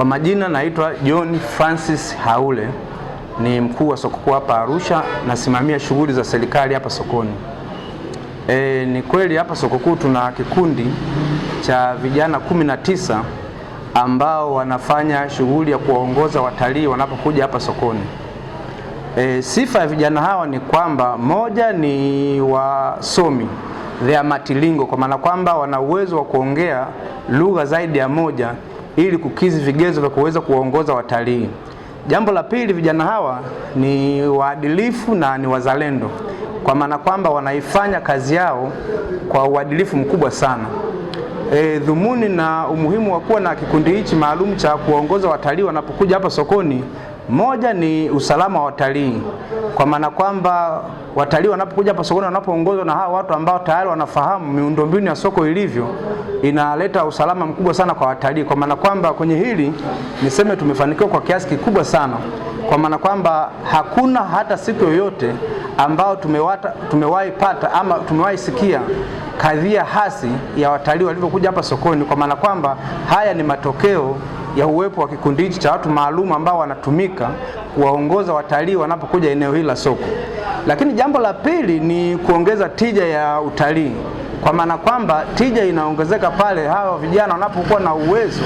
Kwa majina naitwa John Francis Haule, ni mkuu wa soko kuu hapa Arusha, nasimamia shughuli za serikali hapa sokoni. E, ni kweli hapa soko kuu tuna kikundi cha vijana kumi na tisa ambao wanafanya shughuli ya kuwaongoza watalii wanapokuja hapa sokoni. E, sifa ya vijana hawa ni kwamba moja ni wasomi thea matilingo, kwa maana kwamba wana uwezo wa kuongea lugha zaidi ya moja ili kukizi vigezo vya kuweza kuwaongoza watalii. Jambo la pili, vijana hawa ni waadilifu na ni wazalendo, kwa maana kwamba wanaifanya kazi yao kwa uadilifu mkubwa sana. E, dhumuni na umuhimu wa kuwa na kikundi hichi maalum cha kuwaongoza watalii wanapokuja hapa sokoni, moja ni usalama wa watalii, kwa maana kwamba watalii wanapokuja hapa sokoni, wanapoongozwa na hawa watu ambao tayari wanafahamu miundombinu ya soko ilivyo, inaleta usalama mkubwa sana kwa watalii, kwa maana kwamba kwenye hili niseme tumefanikiwa kwa kiasi kikubwa sana, kwa maana kwamba hakuna hata siku yoyote ambao tumewahi pata ama tumewahi sikia kadhia hasi ya watalii walivyokuja hapa sokoni, kwa maana kwamba haya ni matokeo ya uwepo wa kikundi hichi cha watu maalum ambao wanatumika kuwaongoza watalii wanapokuja eneo hili la soko. Lakini jambo la pili ni kuongeza tija ya utalii kwa maana kwamba tija inaongezeka pale hawa vijana wanapokuwa na uwezo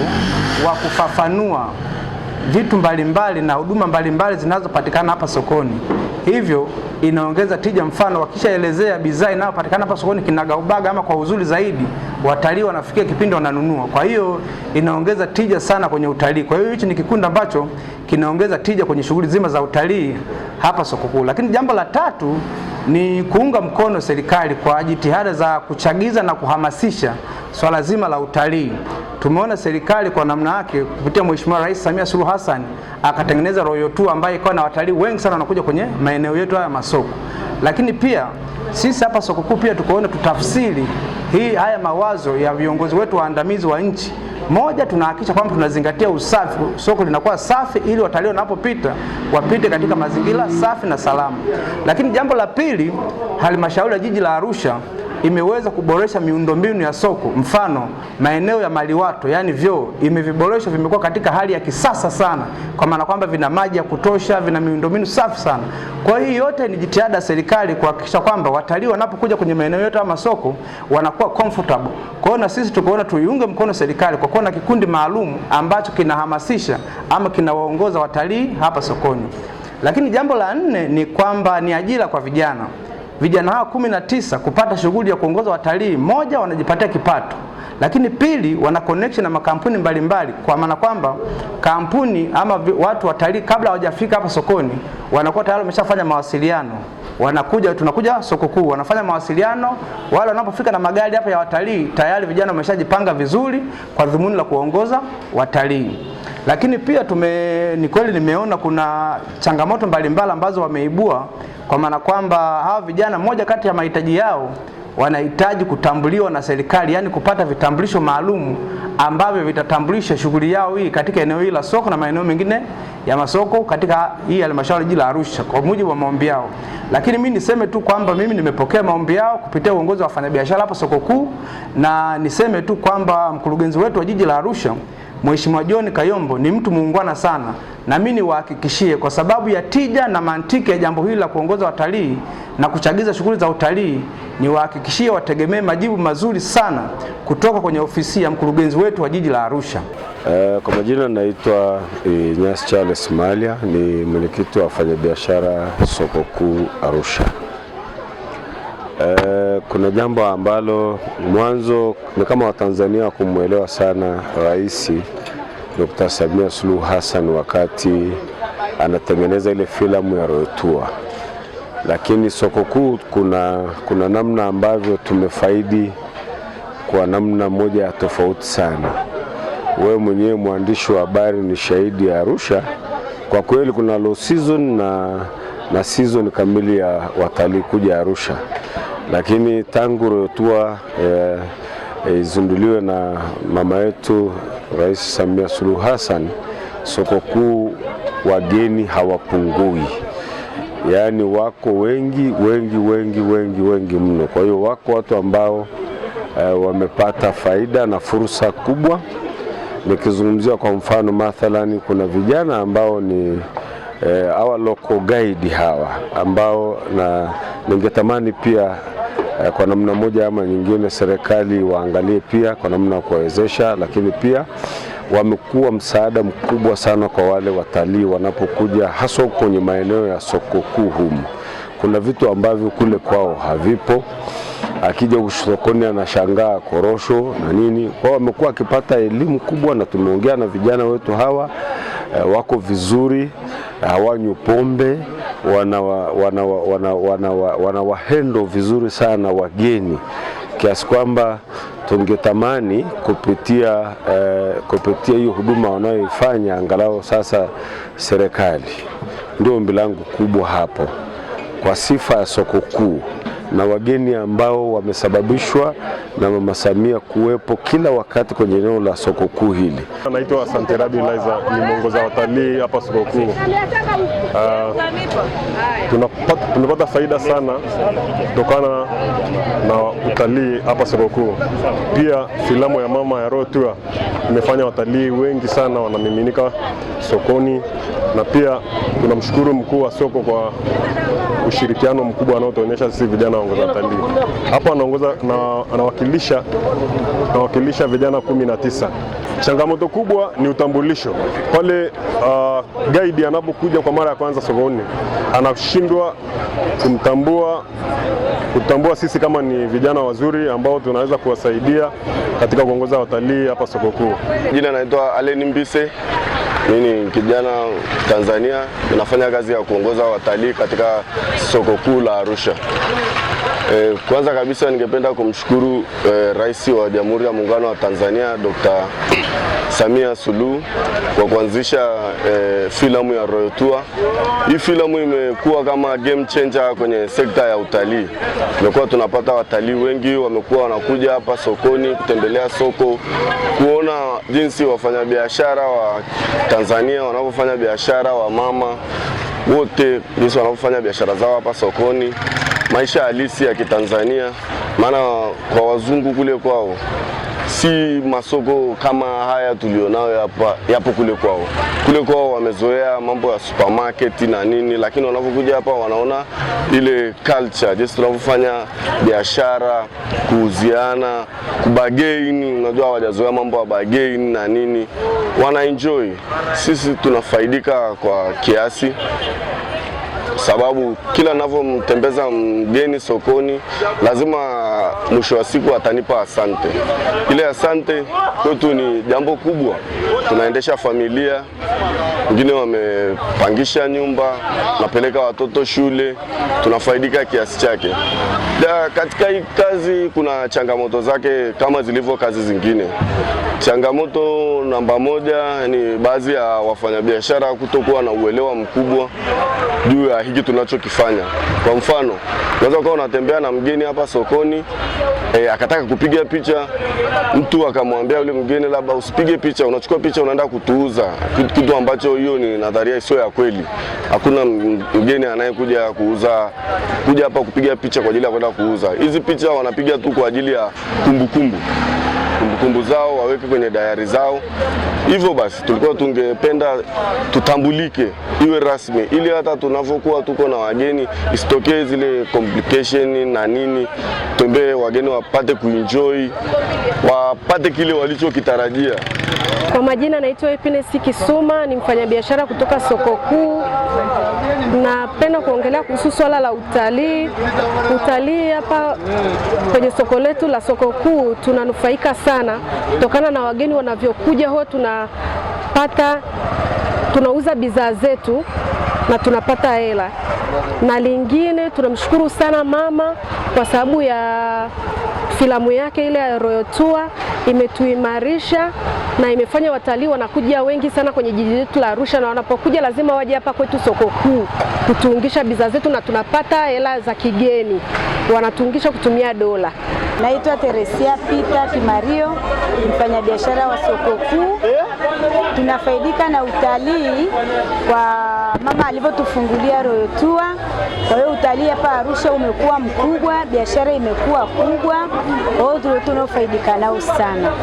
wa kufafanua vitu mbalimbali na huduma mbalimbali zinazopatikana hapa sokoni, hivyo inaongeza tija. Mfano, wakishaelezea bidhaa inayopatikana hapa sokoni kinagaubaga ama kwa uzuri zaidi, watalii wanafikia kipindi wananunua. Kwa hiyo inaongeza tija sana kwenye utalii. Kwa hiyo hichi ni kikundi ambacho kinaongeza tija kwenye shughuli zima za utalii hapa soko kuu. Lakini jambo la tatu ni kuunga mkono serikali kwa jitihada za kuchagiza na kuhamasisha swala zima la utalii. Tumeona serikali kwa namna yake kupitia Mheshimiwa Rais Samia Suluhu Hassan akatengeneza Royal Tour ambayo ikawa na watalii wengi sana wanakuja kwenye maeneo yetu haya masoko, lakini pia sisi hapa soko kuu pia tukaona tutafsiri hii haya mawazo ya viongozi wetu waandamizi wa nchi moja, tunahakikisha kwamba tunazingatia usafi, soko linakuwa safi ili watalii wanapopita wapite katika mazingira safi na salama. Lakini jambo la pili, halmashauri ya jiji la Arusha imeweza kuboresha miundombinu ya soko, mfano maeneo ya maliwato, yani vyoo imeviboresha, vimekuwa katika hali ya kisasa sana, kwa maana kwamba vina maji ya kutosha, vina miundombinu safi sana. Kwa hiyo yote ni jitihada serikali kuhakikisha kwamba watalii wanapokuja kwenye maeneo yote ya masoko wanakuwa comfortable. Kwa hiyo na sisi tukaona tuiunge mkono serikali kwa kuwa na kikundi maalum ambacho kinahamasisha ama kinawaongoza watalii hapa sokoni. Lakini jambo la nne ni kwamba ni ajira kwa vijana vijana hao kumi na tisa kupata shughuli ya kuongoza watalii. Moja, wanajipatia kipato, lakini pili, wana connection na makampuni mbalimbali mbali, kwa maana kwamba kampuni ama watu watalii kabla hawajafika hapa sokoni wanakuwa tayari wameshafanya mawasiliano wanakuja tunakuja soko kuu, wanafanya mawasiliano. Wale wanapofika na magari hapa ya watalii, tayari vijana wameshajipanga vizuri kwa dhumuni la kuongoza watalii. Lakini pia tume, ni kweli nimeona kuna changamoto mbalimbali ambazo wameibua, kwa maana kwamba hawa vijana, moja kati ya mahitaji yao wanahitaji kutambuliwa na serikali, yaani kupata vitambulisho maalum ambavyo vitatambulisha shughuli yao hii katika eneo hili la soko na maeneo mengine ya masoko katika hii halmashauri jiji la Arusha kwa mujibu wa maombi yao. Lakini mimi niseme tu kwamba mimi nimepokea maombi yao kupitia uongozi wa wafanyabiashara hapo soko kuu, na niseme tu kwamba mkurugenzi wetu wa jiji la Arusha Mheshimiwa John Kayombo ni mtu muungwana sana, na mimi niwahakikishie, kwa sababu ya tija na mantiki ya jambo hili la kuongoza watalii na kuchagiza shughuli za utalii, niwahakikishie wategemee majibu mazuri sana kutoka kwenye ofisi ya mkurugenzi wetu wa jiji la Arusha. Uh, kwa majina naitwa eh, nyas Charles Malia, ni mwenyekiti wa wafanyabiashara soko kuu Arusha. Eh, kuna jambo ambalo mwanzo ni kama Watanzania kumwelewa sana Rais Dr. Samia Suluhu Hassan wakati anatengeneza ile filamu ya Rotua, lakini soko kuu kuna, kuna namna ambavyo tumefaidi kwa namna moja ya tofauti sana. Wewe mwenyewe mwandishi wa habari ni shahidi ya Arusha, kwa kweli kuna low season na na season kamili ya watalii kuja Arusha lakini tangu royotua eh, izinduliwe na mama yetu Rais Samia Suluhu Hassan, soko kuu wageni hawapungui, yaani wako wengi wengi wengi wengi wengi mno. Kwa hiyo wako watu ambao eh, wamepata faida na fursa kubwa. Nikizungumzia kwa mfano mathalani, kuna vijana ambao ni eh, awa local guide hawa ambao na ningetamani pia Eh, kwa namna moja ama nyingine, serikali waangalie pia kwa namna ya kuwawezesha, lakini pia wamekuwa msaada mkubwa sana kwa wale watalii wanapokuja hasa kwenye maeneo ya soko kuu humu. Kuna vitu ambavyo kule kwao havipo. Akija sokoni anashangaa korosho na nini. Kwao wamekuwa akipata elimu kubwa, na tumeongea na vijana wetu hawa, eh, wako vizuri, hawanywi pombe wanawa, wanawa, wanawahendo vizuri sana wageni kiasi kwamba tungetamani kupitia eh, kupitia hiyo huduma wanayoifanya angalau sasa serikali. Ndio ombi langu kubwa hapo kwa sifa ya soko kuu na wageni ambao wamesababishwa na Mama Samia kuwepo kila wakati kwenye eneo la soko kuu hili. Naitwa Asante Rabi Liza, ni mwongoza watalii hapa soko kuu. Uh, tunapata, tunapata faida sana kutokana na utalii hapa soko kuu. Pia filamu ya mama ya Royal Tour imefanya watalii wengi sana wanamiminika sokoni, na pia tunamshukuru mkuu wa soko kwa ushirikiano mkubwa anaotuonyesha sisi vijana waongoza utalii. Hapo anaongoza na anawakilisha anawakilisha vijana kumi na tisa. Changamoto kubwa ni utambulisho pale. Uh, gaidi anapokuja kwa mara ya kwanza sokoni anashindwa kumtambua kutambua sisi kama ni vijana wazuri ambao tunaweza kuwasaidia katika kuongoza watalii hapa soko kuu. Jina naitwa Aleni Mbise mimi kijana Tanzania nafanya kazi ya kuongoza watalii katika soko kuu la Arusha. E, kwanza kabisa ningependa kumshukuru e, Rais wa Jamhuri ya Muungano wa Tanzania Dr. Samia Suluhu kwa kuanzisha e, filamu ya Royal Tour. Hii filamu imekuwa kama game changer kwenye sekta ya utalii. Tumekuwa tunapata watalii wengi wamekuwa wanakuja hapa sokoni kutembelea soko kuona jinsi wafanyabiashara wa tanzania wanavyofanya biashara, wamama wote jinsi wanavyofanya biashara zao hapa sokoni, maisha halisi ya Kitanzania. Maana kwa wazungu kule kwao si masoko kama haya tulionayo hapa, yapo kule kwao. Kule kwao wamezoea mambo ya supermarket na nini, lakini wanapokuja hapa wanaona ile culture, jinsi tunavyofanya biashara, kuuziana, kubargain. Unajua hawajazoea mambo ya bargain na nini, wana enjoy. Sisi tunafaidika kwa kiasi sababu kila navyomtembeza mgeni sokoni, lazima mwisho wa siku atanipa asante. Ile asante kwetu ni jambo kubwa, tunaendesha familia, wengine wamepangisha nyumba, napeleka watoto shule, tunafaidika kiasi chake. Da, katika hii kazi kuna changamoto zake kama zilivyo kazi zingine. Changamoto namba moja ni baadhi ya wafanyabiashara kutokuwa na uelewa mkubwa juu ya hiki tunachokifanya. Kwa mfano, unaweza ukawa unatembea na mgeni hapa sokoni e, akataka kupiga picha, mtu akamwambia yule mgeni labda usipige picha, unachukua picha unaenda kutuuza, kitu ambacho hiyo ni nadharia isiyo ya kweli. Hakuna mgeni anayekuja kuuza kuja hapa kupiga picha kwa ajili ya kwenda kuuza. Hizi picha wanapiga tu kwa ajili ya kumbukumbu kumbu kumbukumbu zao, waweke kwenye dayari zao. Hivyo basi, tulikuwa tungependa tutambulike, iwe rasmi, ili hata tunavyokuwa tuko na wageni isitokee zile complication na nini, tembee wageni wapate kuenjoy, wapate kile walichokitarajia. Kwa majina naitwa Epinesi Kisuma, ni mfanyabiashara kutoka soko kuu. Napenda kuongelea kuhusu swala la utalii. Utalii hapa kwenye soko letu la soko kuu tunanufaika sana sana kutokana na wageni wanavyokuja, huwa tunapata tunauza bidhaa zetu na tunapata hela. Na lingine tunamshukuru sana mama kwa sababu ya filamu yake ile ya Royal Tour imetuimarisha na imefanya watalii wanakuja wengi sana kwenye jiji letu la Arusha, na wanapokuja lazima waje hapa kwetu soko kuu kutuungisha bidhaa zetu, na tunapata hela za kigeni, wanatuungisha kutumia dola. Naitwa Teresia Pita Kimario, mfanyabiashara wa soko kuu. Tunafaidika na utalii kwa mama alivyotufungulia Royal Tour. Kwa hiyo utalii hapa Arusha umekuwa mkubwa, biashara imekuwa kubwa, kwa hiyo tunafaidika nao sana.